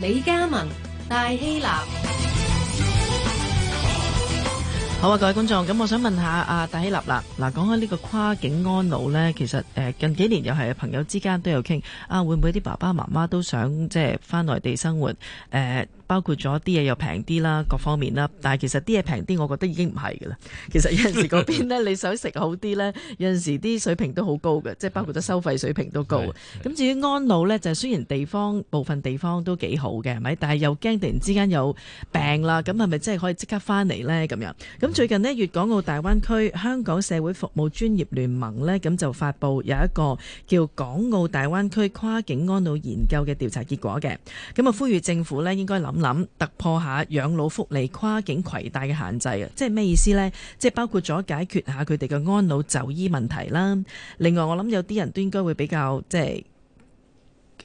李嘉文，戴希立，好啊！各位觀眾，咁我想問下啊戴希立啦，嗱、啊，講開呢個跨境安老咧，其實誒、呃，近幾年又係朋友之間都有傾，啊，會唔會啲爸爸媽媽都想即係翻內地生活誒？呃包括咗啲嘢又平啲啦，各方面啦，但係其實啲嘢平啲，我覺得已經唔係嘅啦。其實有陣時嗰邊咧， 你想食好啲咧，有陣時啲水平都好高嘅，即係包括咗收費水平都高。咁 至於安老咧，就雖然地方部分地方都幾好嘅，係咪？但係又驚突然之間有病啦，咁係咪真係可以即刻翻嚟咧？咁樣。咁最近咧，粵港澳大灣區香港社會服務專業聯盟咧，咁就發布有一個叫《港澳大灣區跨境安老研究》嘅調查結果嘅。咁啊，呼籲政府咧應該諗。諗突破下養老福利跨境攜帶嘅限制啊！即係咩意思呢？即係包括咗解決下佢哋嘅安老就醫問題啦。另外，我諗有啲人都應該會比較即係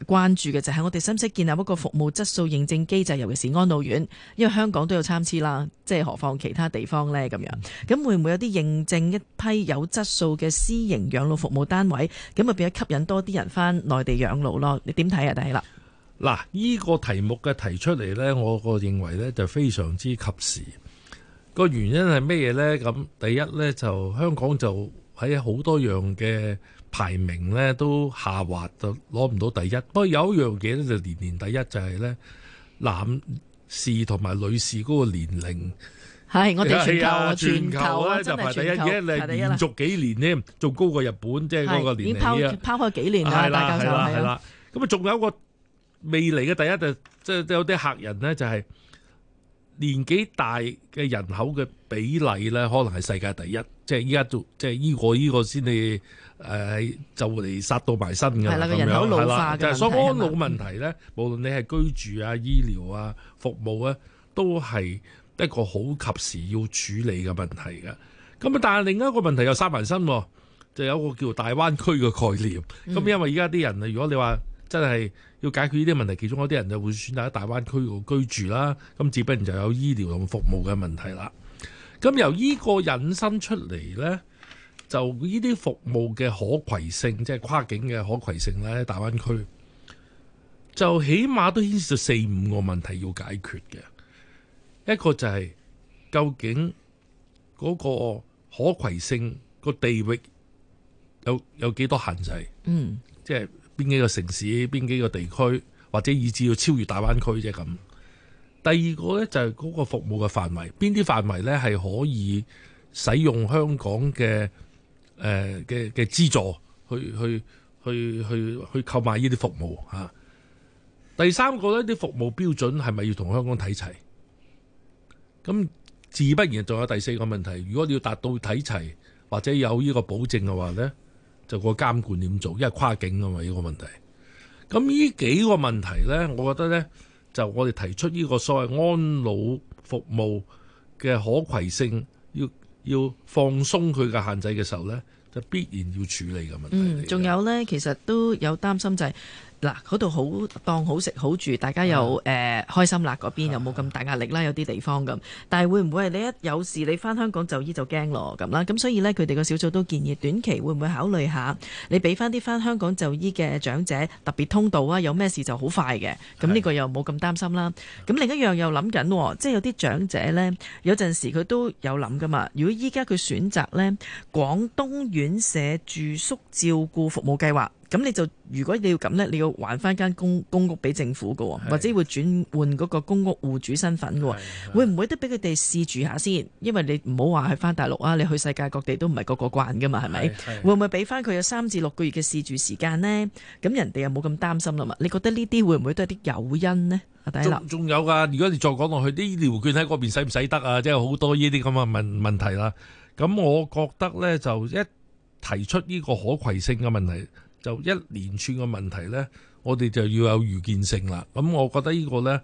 關注嘅就係我哋，使唔使建立一個服務質素認證機制？尤其是安老院，因為香港都有參差啦，即係何況其他地方呢？咁樣咁會唔會有啲認證一批有質素嘅私營養老服務單位？咁咪變咗吸引多啲人翻內地養老咯？你點睇啊？但係啦。嗱，呢個題目嘅提出嚟咧，我個認為咧就非常之及時。個原因係咩嘢咧？咁第一咧就香港就喺好多樣嘅排名咧都下滑，就攞唔到第一。不過有一樣嘢咧就年年第一就係咧，男士同埋女士嗰個年齡係我哋全球、啊、全球咧球就排第一，而家球連續幾年添，仲高過日本，即係嗰個年齡啊！拋開幾年啊，大教授係啦的，咁啊仲有一個。未嚟嘅第一就即係有啲客人咧，就係年紀大嘅人口嘅比例咧，可能係世界第一。即係依家做，即係依個依個先至誒就嚟殺到埋身嘅。係啦的，個樣人口老化嘅就係所安老嘅問題咧。無論你係居住啊、醫療啊、服務啊，都係一個好及時要處理嘅問題嘅。咁啊，但係另一個問題又殺埋身，就有一個叫大灣區嘅概念。咁因為依家啲人啊，如果你話，真係要解決呢啲問題，其中一啲人就會選擇喺大灣區度居住啦。咁自不然就有醫療同服務嘅問題啦。咁由呢個引申出嚟呢，就呢啲服務嘅可攜性，即係跨境嘅可攜性呢，大灣區就起碼都牽涉到四五個問題要解決嘅。一個就係究竟嗰個可攜性個地域有有幾多限制？嗯，即係。邊幾個城市？邊幾個地區？或者以至要超越大灣區啫咁。第二個呢，就係嗰個服務嘅範圍，邊啲範圍呢？係可以使用香港嘅誒嘅嘅資助去去去去去購買呢啲服務啊。第三個呢，啲服務標準係咪要同香港睇齊？咁自不然仲有第四個問題，如果你要達到睇齊或者有呢個保證嘅話呢。就個監管點做，因為跨境啊嘛，呢個問題。咁呢幾個問題呢，我覺得呢，就我哋提出呢個所謂安老服務嘅可攜性，要要放鬆佢嘅限制嘅時候呢，就必然要處理嘅問題。嗯，仲有呢，其實都有擔心就係、是。嗱，嗰度好當好食好住，大家又誒的、呃、開心啦，嗰邊又冇咁大壓力啦，的有啲地方咁。但係會唔會係你一有事你翻香港就醫就驚咯咁啦？咁所以呢，佢哋個小組都建議短期會唔會考慮下你俾翻啲翻香港就醫嘅長者特別通道啊？有咩事就好快嘅，咁呢個又冇咁擔心啦。咁的另一樣又諗緊，即係有啲長者呢，有陣時佢都有諗噶嘛。如果依家佢選擇呢廣東院舍住宿照顧服務計劃。咁你就如果你要咁呢，你要還翻間公公屋俾政府嘅，或者會轉換嗰個公屋戶主身份嘅，的會唔會都俾佢哋試住下先？因為你唔好話去翻大陸啊，你去世界各地都唔係個個慣嘅嘛，係咪？是是會唔會俾翻佢有三至六個月嘅試住時間呢？咁人哋又冇咁擔心啦嘛？你覺得呢啲會唔會都係啲誘因呢？嗱，仲有噶，如果你再講落去，啲醫療券喺嗰邊使唔使得啊？即係好多呢啲咁嘅問問題啦。咁我覺得呢，就一提出呢個可攜性嘅問題。就一連串嘅問題呢，我哋就要有預見性啦。咁我覺得呢個呢，誒、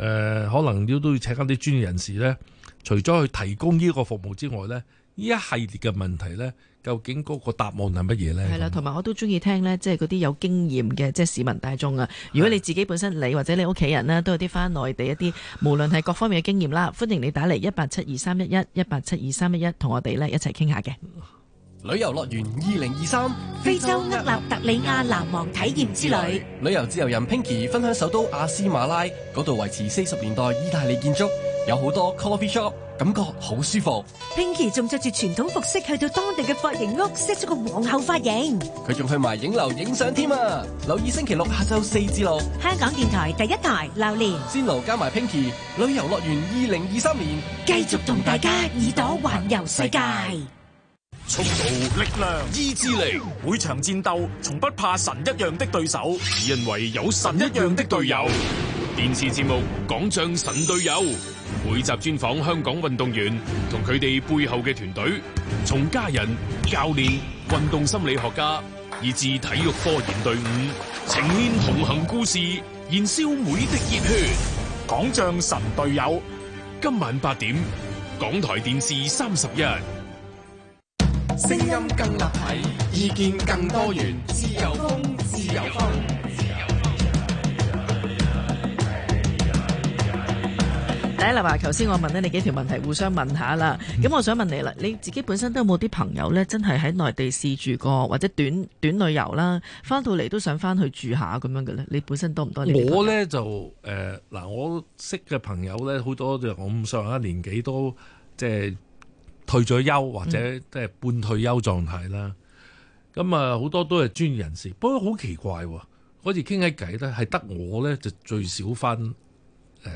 呃、可能都都要請翻啲專業人士呢。除咗去提供呢個服務之外呢，呢一系列嘅問題呢，究竟嗰個答案係乜嘢呢？係啦，同埋我都中意聽呢，即係嗰啲有經驗嘅即係市民大眾啊。如果你自己本身你或者你屋企人呢，都有啲翻內地一啲， 無論係各方面嘅經驗啦，歡迎你打嚟一八七二三一一，一八七二三一一同我哋呢一齊傾下嘅。旅遊樂園二零二三，非洲厄立特里亞難忘體驗之旅。旅遊自由人 Pinky 分享首都阿斯馬拉嗰度維持四十年代意大利建築，有好多 coffee shop，感覺好舒服。Pinky 仲着住傳統服飾去到當地嘅髮型屋 set 咗個皇后髮型，佢仲去埋影樓影相添啊！留意星期六下晝四至六，香港電台第一台榴槤，先豪加埋 Pinky 旅遊樂園二零二三年，繼續同大家耳朵環遊世界。速度、力量、意志力，每場戰鬥從不怕神一樣的對手，只因為有神一樣的隊友。友電視節目《港將神隊友》，每集專訪香港運動員同佢哋背後嘅團隊，從家人、教練、運動心理學家，以至體育科研隊伍，呈現同行故事，燃燒每滴熱血。《港將神隊友》，今晚八點，港台電視三十一。聲音更立體，意見更多元，自由風，自由風，自由風。第一嗱話，頭先我問咗你幾條問題，互相問下啦。咁我想問你啦，你自己本身都有冇啲朋友呢？真係喺內地試住過，或者短短旅遊啦，翻到嚟，都想翻去住下咁樣嘅呢？你本身多唔多年？呢邊、呃？我呢就誒嗱，我識嘅朋友呢，好多就咁上下年紀都即係。退咗休或者即係半退休狀態啦，咁啊好多都係專業人士，不過好奇怪喎，嗰次傾起偈咧，係得我咧就最少翻誒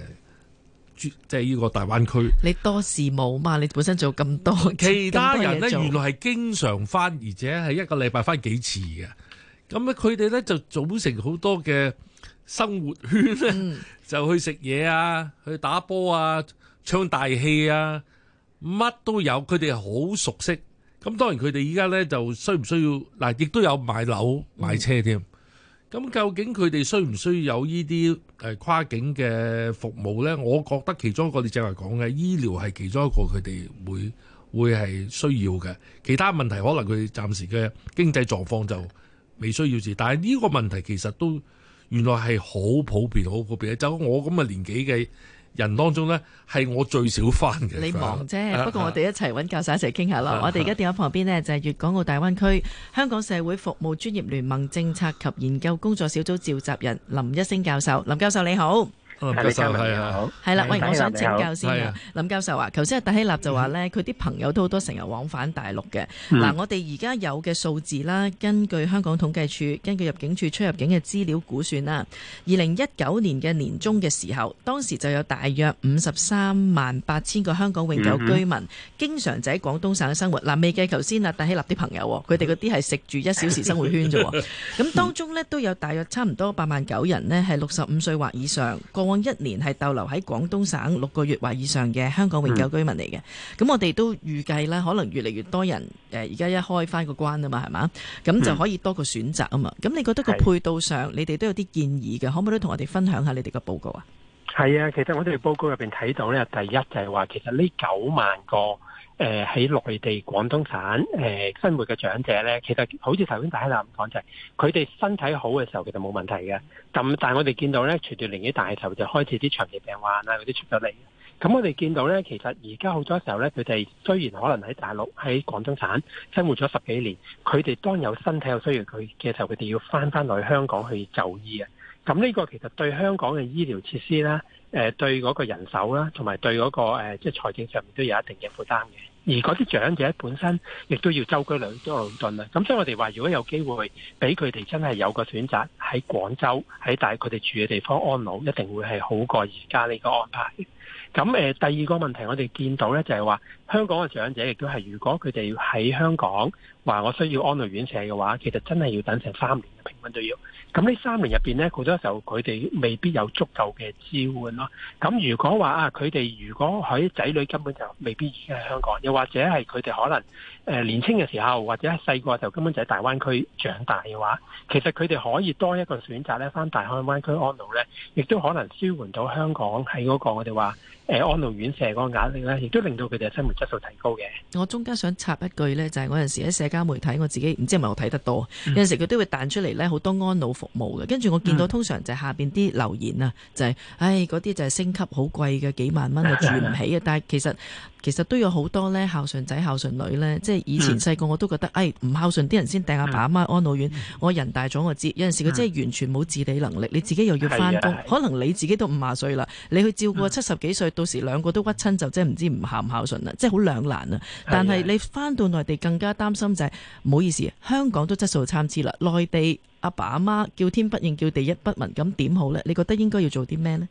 即係呢個大灣區，你多事務嘛？你本身做咁多，其他人咧原來係經常翻，而且係一個禮拜翻幾次嘅。咁咧佢哋咧就組成好多嘅生活圈，嗯、就去食嘢啊，去打波啊，唱大戲啊。乜都有，佢哋好熟悉。咁當然佢哋依家呢就需唔需要嗱，亦都有買樓買車添。咁究竟佢哋需唔需要有呢啲誒跨境嘅服務呢？我覺得其中一個你正話講嘅醫療係其中一個佢哋會會係需要嘅。其他問題可能佢暫時嘅經濟狀況就未需要住。但係呢個問題其實都原來係好普遍，好普遍。就我咁嘅年紀嘅。人當中呢，係我最少翻嘅。你忙啫，啊、不過我哋一齊揾教授一齊傾下咯。啊、我哋而家電話旁邊呢，就係粵港澳大灣區香港社會服務專業聯盟政策及研究工作小組召集人林一星教授。林教授你好。唔該曬，係啦，喂，我想請教先啊，林教授話，頭先阿戴希立就話呢，佢啲朋友都好多成日往返大陸嘅。嗱，我哋而家有嘅數字啦，根據香港統計處、根據入境處出入境嘅資料估算啦，二零一九年嘅年中嘅時候，當時就有大約五十三萬八千個香港永久居民經常就喺廣東省生活。嗱，未計頭先阿戴希立啲朋友喎，佢哋嗰啲係食住一小時生活圈啫喎。咁當中呢，都有大約差唔多八萬九人呢係六十五歲或以上。往一年係逗留喺廣東省六個月或以上嘅香港永久居民嚟嘅，咁我哋都預計咧，可能越嚟越多人誒，而、呃、家一開翻個關啊嘛，係嘛，咁就可以多個選擇啊嘛。咁你覺得個配套上，是的 你哋都有啲建議嘅，可唔可以同我哋分享下你哋嘅報告啊？係啊，其實我哋報告入邊睇到咧，第一就係話，其實呢九萬個。誒喺、呃、內地廣東省誒、呃、生活嘅長者咧，其實好似頭先大家啦咁講就係，佢哋身體好嘅時候其實冇問題嘅。咁但係我哋見到咧，隨住年紀大嘅時候，就開始啲長期病患啊嗰啲出咗嚟。咁、嗯、我哋見到咧，其實而家好多時候咧，佢哋雖然可能喺大陸喺廣東省生活咗十幾年，佢哋當有身體有需要佢嘅時候，佢哋要翻翻去香港去就醫啊。咁呢個其實對香港嘅醫療設施啦，誒對嗰個人手啦，同埋對嗰個誒即係財政上面都有一定嘅負擔嘅。而嗰啲長者本身亦都要周居兩多勞頓啦。咁所以我哋話，如果有機會俾佢哋真係有個選擇喺廣州，喺大佢哋住嘅地方安老，一定會係好過而家呢個安排。咁第二個問題我哋見到呢就係話香港嘅長者亦都係，如果佢哋喺香港。話我需要安老院舍嘅話，其實真係要等成三年嘅平均都要。咁呢三年入邊呢，好多時候佢哋未必有足夠嘅支援咯。咁如果話啊，佢哋如果喺仔女根本就未必已經喺香港，又或者係佢哋可能誒年輕嘅時候或者細個就根本就喺大灣區長大嘅話，其實佢哋可以多一個選擇咧，翻大灣區安老咧，亦都可能舒緩到香港喺嗰個我哋話誒安老院舍嗰個壓力咧，亦都令到佢哋嘅生活質素提高嘅。我中間想插一句咧，就係嗰陣時喺社家媒體我自己唔知係咪我睇得多，嗯、有陣時佢都會彈出嚟咧，好多安老服務嘅。跟住我見到通常就係下邊啲留言啊，嗯、就係、是、唉嗰啲就係升級好貴嘅幾萬蚊啊，嗯、住唔起啊，嗯、但係其實。其實都有好多咧，孝順仔孝順女咧，即係以前細個我都覺得，誒唔、嗯哎、孝順啲人先掟阿爸阿媽安老院。嗯、我人大咗我知，有陣時佢真係完全冇自理能力，嗯、你自己又要翻工，嗯、可能你自己都五廿歲啦，你去照顧七十幾歲，嗯、到時兩個都屈親就真係唔知唔孝唔孝順啦，即係好兩難啊！但係你翻到內地更加擔心就係、是，唔好意思，香港都質素參差啦，內地阿爸阿媽，媽叫天不應叫地一不聞，咁點好呢？你覺得應該要做啲咩呢？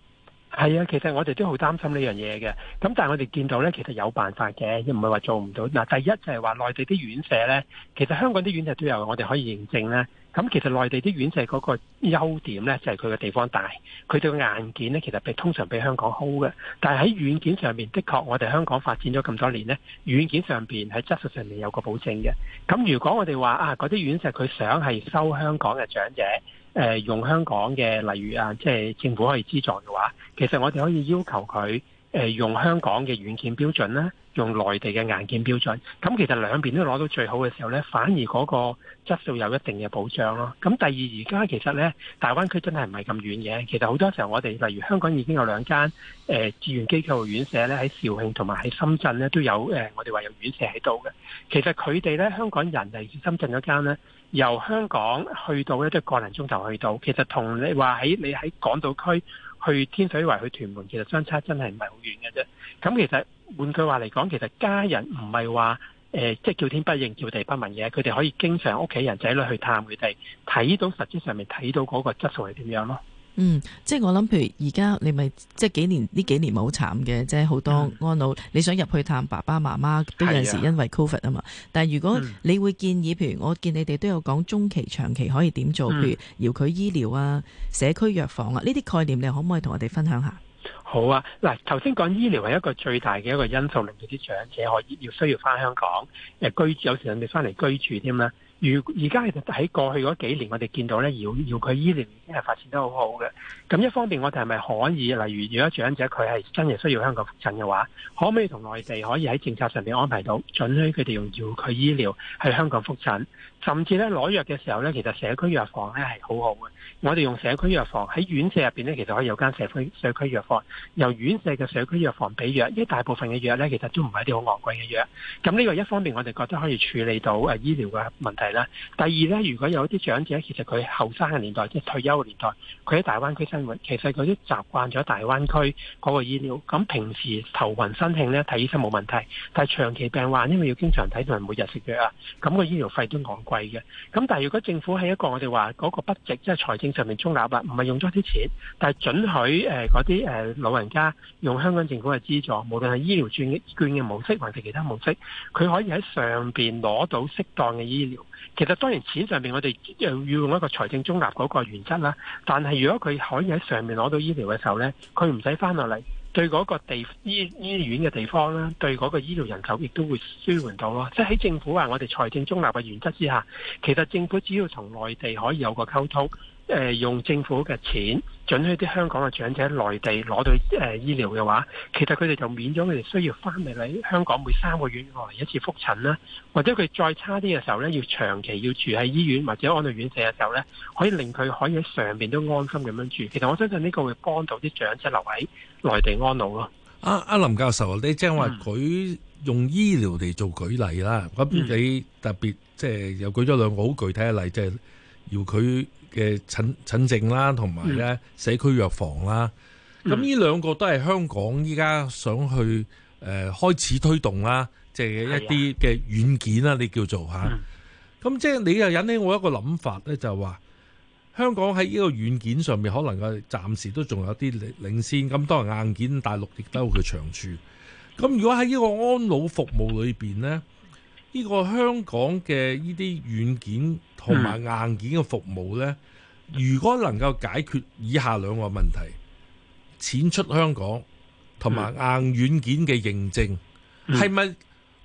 係啊，其實我哋都好擔心呢樣嘢嘅。咁但係我哋見到呢，其實有辦法嘅，唔係話做唔到。嗱，第一就係話內地啲院舍呢，其實香港啲院舍都有我哋可以認證啦。咁其實內地啲院舍嗰個優點呢，就係佢嘅地方大，佢對硬件呢，其實比通常比香港好嘅。但係喺軟件上面，的確我哋香港發展咗咁多年呢，軟件上面，喺質素上面有個保證嘅。咁如果我哋話啊，嗰啲院舍佢想係收香港嘅長者。誒用香港嘅，例如啊，即係政府可以資助嘅話，其實我哋可以要求佢誒用香港嘅軟件標準啦，用內地嘅硬件標準。咁其實兩邊都攞到最好嘅時候呢，反而嗰個質素有一定嘅保障咯。咁第二，而家其實呢，大灣區真係唔係咁遠嘅。其實好多時候我，我哋例如香港已經有兩間誒志願機構的院舍呢，喺肇慶同埋喺深圳呢，都有誒，我哋話有院舍喺度嘅。其實佢哋呢，香港人嚟自深圳嗰間呢。由香港去到咧都係個零鐘頭去到，其實同你話喺你喺港島區去天水圍去屯門，其實相差真係唔係好遠嘅啫。咁其實換句話嚟講，其實家人唔係話誒即係叫天不應叫地不聞嘅，佢哋可以經常屋企人仔女去探佢哋，睇到實際上面睇到嗰個質素係點樣咯。嗯，即係我諗，譬如而家你咪即係幾年呢幾年冇慘嘅，即係好多安老，嗯、你想入去探爸爸媽媽都有時因為 Covid 啊嘛。啊但係如果你會建議，譬如我見你哋都有講中期、長期可以點做，嗯、譬如遙距醫療啊、社區藥房啊呢啲概念，你可唔可以同我哋分享下？好啊，嗱，頭先講醫療係一個最大嘅一個因素，令到啲長者可以要需要翻香港誒、呃、居住，有時人哋翻嚟居住添啦。如而家喺過去嗰幾年，我哋見到咧，遙距醫療已經係發展得好好嘅。咁一方面，我哋係咪可以，例如如果長者佢係真係需要香港復診嘅話，可唔可以同內地可以喺政策上面安排到，准許佢哋用遙距醫療喺香港復診？甚至咧攞藥嘅時候咧，其實社區藥房咧係好好嘅。我哋用社區藥房喺院舍入邊咧，其實可以有一間社區社區藥房，由院舍嘅社區藥房俾藥。因為大部分嘅藥咧，其實都唔係啲好昂貴嘅藥。咁呢個一方面，我哋覺得可以處理到誒醫療嘅問題。第二咧，如果有啲長者，其實佢後生嘅年代，即係退休嘅年代，佢喺大灣區生活，其實佢都習慣咗大灣區嗰個醫療。咁平時頭暈身慶咧睇醫生冇問題，但係長期病患，因為要經常睇同埋每日食藥啊，咁個醫療費都昂貴嘅。咁但係如果政府喺一個我哋話嗰個不值，即係財政上面中立啊，唔係用咗啲錢，但係准許嗰啲老人家用香港政府嘅資助，無論係醫療券嘅模式還是其他模式，佢可以喺上面攞到適當嘅醫療。其實當然錢上面我哋又要用一個財政中立嗰個原則啦，但係如果佢可以喺上面攞到醫療嘅時候呢，佢唔使翻落嚟對嗰個地醫醫院嘅地方啦，對嗰個醫療人口亦都會舒緩到咯。即係喺政府話我哋財政中立嘅原則之下，其實政府只要同內地可以有個溝通。誒，用政府嘅錢准許啲香港嘅長者喺內地攞到誒醫療嘅話，其實佢哋就免咗佢哋需要翻嚟嚟香港每三個月過嚟一次復診啦，或者佢再差啲嘅時候咧，要長期要住喺醫院或者安老院舍嘅時候咧，可以令佢可以喺上邊都安心咁樣住。其實我相信呢個會幫到啲長者留喺內地安老咯。阿阿、啊、林教授，你即正話佢用醫療嚟做舉例啦，咁、嗯、你特別即係又舉咗兩個好具體嘅例，即係要佢。嘅診診症啦，同埋咧社區藥房啦，咁呢、嗯、兩個都係香港依家想去誒、呃、開始推動啦，即、就、係、是、一啲嘅軟件啦，啊、你叫做吓？咁、嗯、即係你又引起我一個諗法咧，就話、是、香港喺呢個軟件上面可能嘅暫時都仲有啲領領先，咁當然硬件大陸亦都有佢長處。咁如果喺呢個安老服務裏面呢。呢個香港嘅呢啲軟件同埋硬件嘅服務呢，嗯、如果能夠解決以下兩個問題，錢出香港同埋硬軟件嘅認證，係咪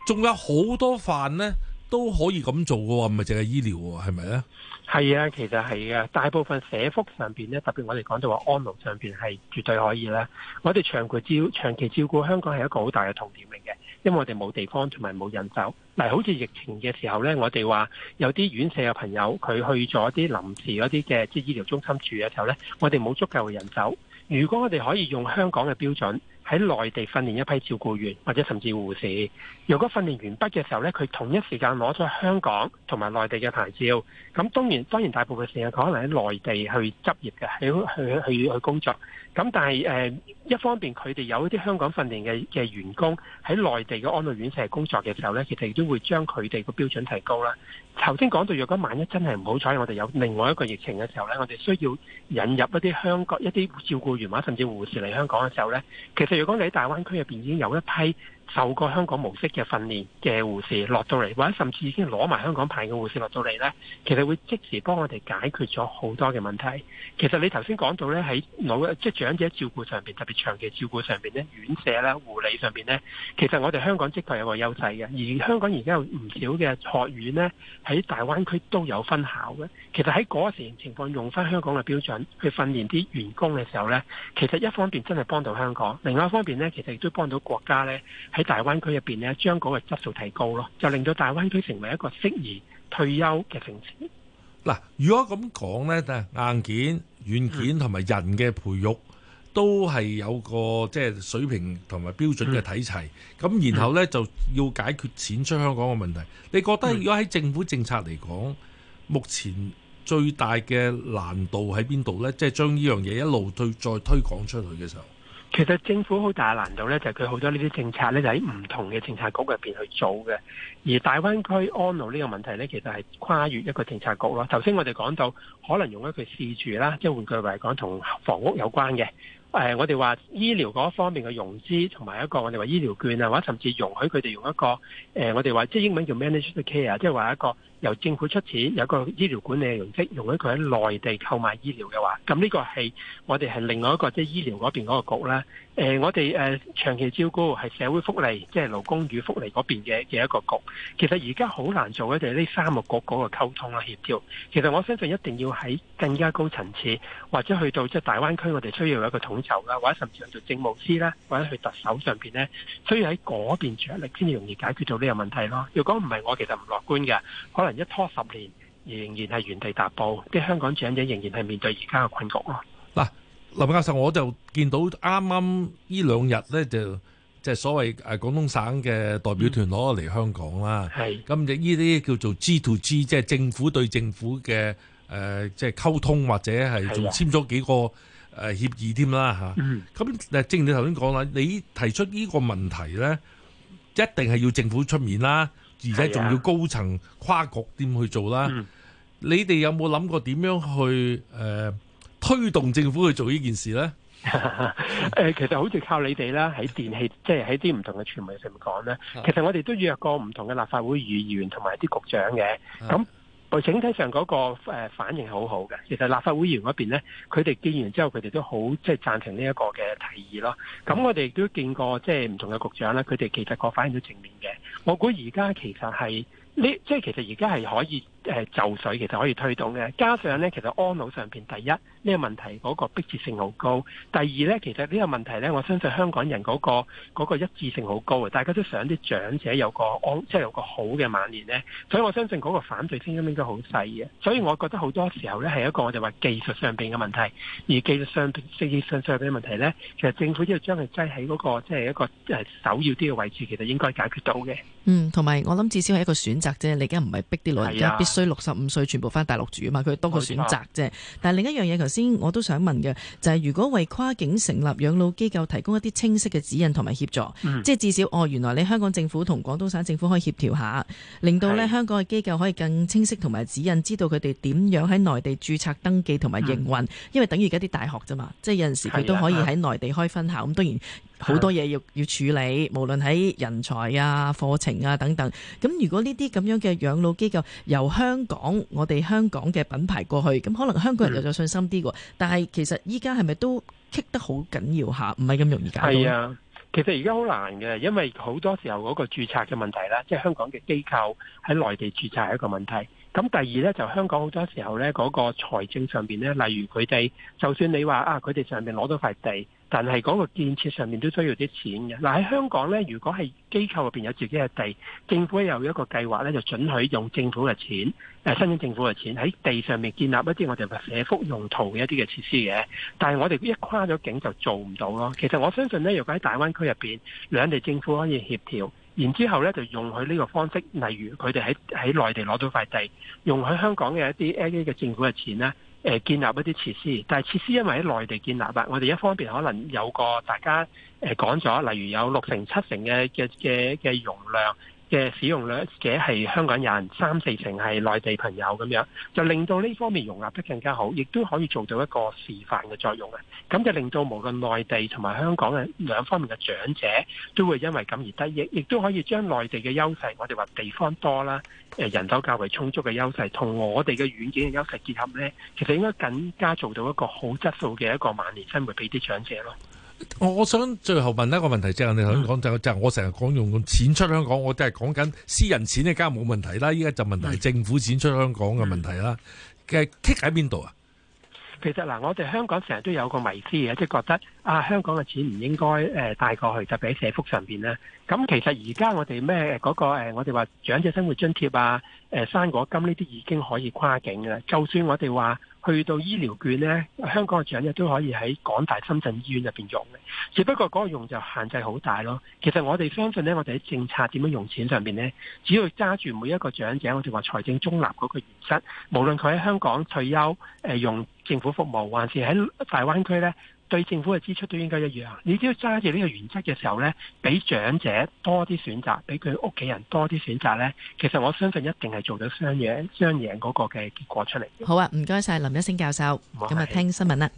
仲有好多飯呢都可以咁做嘅喎？唔係淨係醫療喎？係咪呢？係啊，其實係啊。大部分社福上邊呢，特別我哋講到話安老上邊係絕對可以啦。我哋長期照長期照顧，香港係一個好大嘅痛點嚟嘅。因為我哋冇地方同埋冇人手，嗱，好似疫情嘅時候呢，我哋話有啲院舍嘅朋友佢去咗啲臨時嗰啲嘅即係醫療中心住嘅時候呢，我哋冇足夠嘅人手。如果我哋可以用香港嘅標準。喺內地訓練一批照顧員或者甚至護士，如果訓練完畢嘅時候呢，佢同一時間攞咗香港同埋內地嘅牌照，咁當然當然大部分時間可能喺內地去執業嘅，喺去去去去工作，咁但係一方面佢哋有一啲香港訓練嘅嘅員工喺內地嘅安老院舍工作嘅時候，其實佢哋都會將佢哋個標準提高啦。頭先講到，若果萬一真係唔好彩，我哋有另外一個疫情嘅時候呢，我哋需要引入一啲香港、一啲照顧員，或者甚至護士嚟香港嘅時候呢，其實若果你喺大灣區入面已經有一批。受過香港模式嘅訓練嘅護士落到嚟，或者甚至已經攞埋香港牌嘅護士落到嚟呢，其實會即時幫我哋解決咗好多嘅問題。其實你頭先講到呢，喺老即長者照顧上面，特別長期照顧上面，院舍啦、護理上面呢，其實我哋香港的確有個優勢嘅。而香港而家有唔少嘅學院呢，喺大灣區都有分校嘅。其實喺嗰個時情況，用翻香港嘅標準去訓練啲員工嘅時候呢，其實一方面真係幫到香港，另外一方面呢，其實亦都幫到國家呢。喺大灣區入邊呢，將嗰個質素提高咯，就令到大灣區成為一個適宜退休嘅城市。嗱，如果咁講呢，硬件、軟件同埋人嘅培育都係有個即係、就是、水平同埋標準嘅體系。咁、嗯、然後呢，就要解決錢出香港嘅問題。你覺得如果喺政府政策嚟講，目前最大嘅難度喺邊度呢？即係將呢樣嘢一路推再推廣出去嘅時候。其實政府好大難度呢，就係佢好多呢啲政策呢，就喺、是、唔同嘅政策局入邊去做嘅。而大灣區安老呢個問題呢，其實係跨越一個政策局咯。頭先我哋講到，可能用一句試住啦，即係換句話嚟講，同房屋有關嘅。誒、呃，我哋話醫療嗰方面嘅融資，同埋一個我哋話醫療券啊，或者甚至容許佢哋用一個誒、呃，我哋話即係英文叫 managed care，即係話一個。由政府出錢有個醫療管理嘅容積，用喺佢喺內地購買醫療嘅話，咁呢個係我哋係另外一個即係醫療嗰邊嗰個局咧。誒，我哋誒長期照顧係社會福利，即係勞工與福利嗰邊嘅嘅一個局。其實而家好難做咧，就係呢三個局嗰個溝通啦、協調。其實我相信一定要喺更加高層次，或者去到即係大灣區，我哋需要有一個統籌啦，或者甚至係做政務司啦，或者去特首上邊咧，需要喺嗰邊着力先至容易解決到呢個問題咯。如果唔係，我其實唔樂觀嘅，可能。一拖十年，仍然係原地踏步，即係香港長者仍然係面對而家嘅困局咯。嗱，林教授，我就見到啱啱呢兩日咧，就即係所謂誒廣東省嘅代表團攞嚟香港啦。係。咁就呢啲叫做 G to G，即係政府對政府嘅誒，即係溝通或者係仲簽咗幾個誒協議添啦。嚇。嗯。咁誒，正如你頭先講啦，你提出呢個問題咧，一定係要政府出面啦。而且仲要高層跨局啲去做啦，啊嗯、你哋有冇諗過點樣去誒、呃、推動政府去做呢件事咧？誒，其實好似靠你哋啦，喺電器即係喺啲唔同嘅傳媒上面講咧。其實我哋都約過唔同嘅立法會議員同埋啲局長嘅咁。個整體上嗰個反應係好好嘅，其實立法會議員嗰邊咧，佢哋見完之後，佢哋都好即係贊成呢一個嘅提議咯。咁我哋亦都見過即係唔同嘅局長啦，佢哋其實個反應都正面嘅。我估而家其實係呢，即係其實而家係可以。誒就水其實可以推動嘅，加上咧其實安老上邊第一呢個問題嗰個迫切性好高，第二咧其實呢個問題咧，我相信香港人嗰個嗰個一致性好高嘅，大家都想啲長者有個安，即係有個好嘅晚年咧，所以我相信嗰個反對聲音應該好細嘅。所以我覺得好多時候咧係一個我哋話技術上邊嘅問題，而技術上、政治上上邊嘅問題咧，其實政府都要將佢擠喺嗰個即係一個誒首要啲嘅位置，其實應該解決到嘅。嗯，同埋我諗至少係一個選擇啫，你而家唔係逼啲老人家。需六十五歲全部翻大陸住啊嘛，佢多個選擇啫。但係另一樣嘢，頭先我都想問嘅就係、是，如果為跨境成立養老機構提供一啲清晰嘅指引同埋協助，嗯、即係至少哦，原來你香港政府同廣東省政府可以協調一下，令到咧香港嘅機構可以更清晰同埋指引，知道佢哋點樣喺內地註冊登記同埋營運，嗯、因為等於而家啲大學啫嘛，即係有陣時佢都可以喺內地開分校，咁、嗯、當然。好多嘢要要處理，無論喺人才啊、課程啊等等。咁如果呢啲咁樣嘅養老機構由香港，我哋香港嘅品牌過去，咁可能香港人有咗信心啲喎。嗯、但係其實依家係咪都棘得好緊要下，唔係咁容易解？係啊，其實而家好難嘅，因為好多時候嗰個註冊嘅問題啦，即係香港嘅機構喺內地註冊係一個問題。咁第二呢，就香港好多時候呢嗰個財政上面呢，例如佢哋就算你話啊，佢哋上面攞到塊地。但係嗰個建設上面都需要啲錢嘅。嗱喺香港呢，如果係機構入面有自己嘅地，政府又有一個計劃呢，就准許用政府嘅錢，誒、呃，申請政府嘅錢喺地上面建立一啲我哋話社福用途嘅一啲嘅設施嘅。但係我哋一跨咗境就做唔到咯。其實我相信呢，如果喺大灣區入邊，兩地政府可以協調，然之後呢，就用佢呢個方式，例如佢哋喺喺內地攞到塊地，用佢香港嘅一啲 AA 嘅政府嘅錢呢。誒，建立一啲設施，但係設施因為喺內地建立啦，我哋一方面可能有個大家誒講咗，例如有六成、七成嘅嘅嘅嘅容量。嘅使用率，而且係香港人三四成係內地朋友，咁樣就令到呢方面容納得更加好，亦都可以做到一個示範嘅作用嘅。咁就令到無論內地同埋香港嘅兩方面嘅長者，都會因為咁而得益，亦都可以將內地嘅優勢，我哋話地方多啦，誒人手較為充足嘅優勢同我哋嘅軟件嘅優勢結合咧，其實應該更加做到一個好質素嘅一個晚年生活俾啲長者咯。我想最後問一個問題，即係你頭先講就就係我成日講用錢出香港，我哋係講緊私人錢梗係冇問題啦，依家就問題政府錢出香港嘅問題啦，嘅棘喺邊度啊？其實嗱，我哋香港成日都有個迷思嘅，即係覺得啊，香港嘅錢唔應該誒帶過去，就俾社福上面啦。咁其實而家我哋咩嗰個我哋話長者生活津貼啊、生果金呢啲已經可以跨境嘅。就算我哋話去到醫療券呢，香港嘅長者都可以喺港大深圳醫院入面用嘅。只不過嗰個用就限制好大咯。其實我哋相信呢，我哋喺政策點樣用錢上面呢？只要揸住每一個長者，我哋話財政中立嗰個原則，無論佢喺香港退休用。政府服務還是喺大灣區呢？對政府嘅支出都應該一樣。你只要揸住呢個原則嘅時候呢，俾長者多啲選擇，俾佢屋企人多啲選擇，呢，其實我相信一定係做到雙贏，雙贏嗰個嘅結果出嚟。好啊，唔該晒林一星教授，咁啊聽新聞啦。